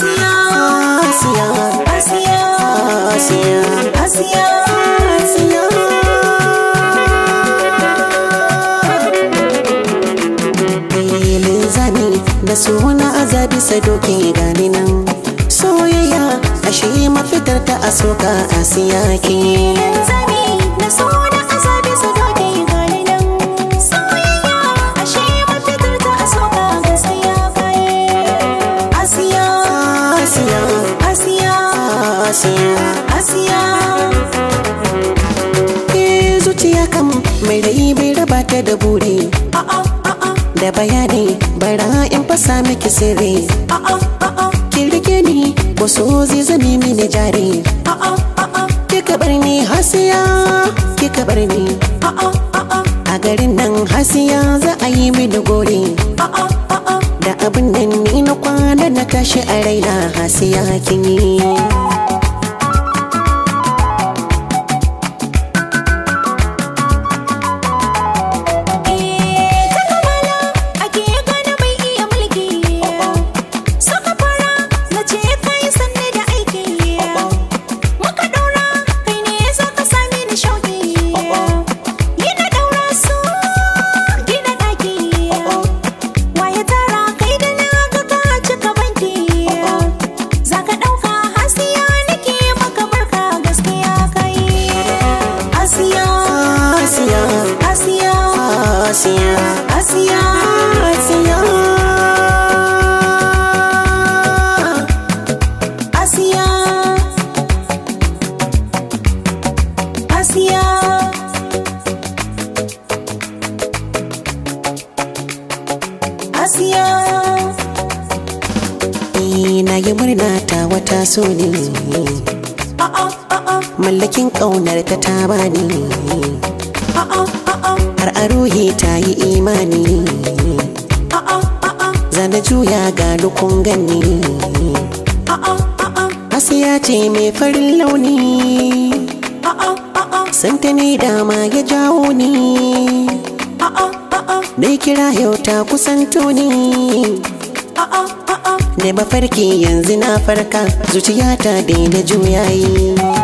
Asiya Asiya Asiya Asiya da suna azabi sadoki gani nan Soyayya ashe mafitar ta asoka Asiya ke zani su ke zuciya kan mai rai bai raba ta da buri da bayani bara in fasa miki sirri ki rike ni wasu zai mini jari kika bar ni hasiya kika bar ni a garin nan hasiya za a yi mini gori da abin nan ni na kwana na tashi a raina hasiya kin yi asiya asiya asiya asiya asiya asiya na yi murna ta wata so ne mallakin ƙaunar ta ta bani har a ruhi ta yi imani zana juya ga lukun gani asiya ce mai farin launi santa ne dama ya jawo ni dai kira yau ta kusan ni ne mafarki yanzu na farka zuciyata daina juyayi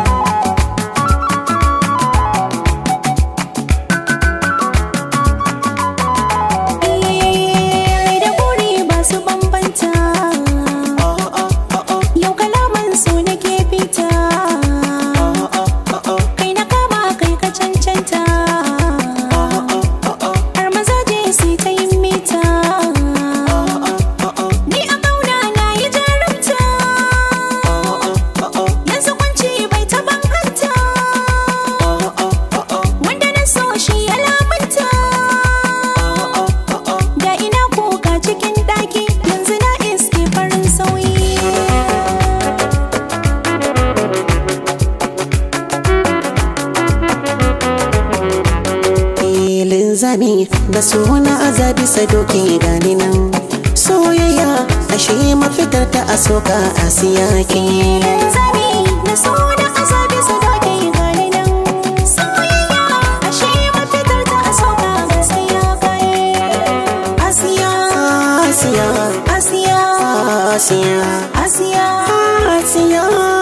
zami da su wani azabi sadoki gani nan soyayya ashe mafitar da soyayya ashe mafitar ta a soka a siyaki asiya asiya asiya asiya asiya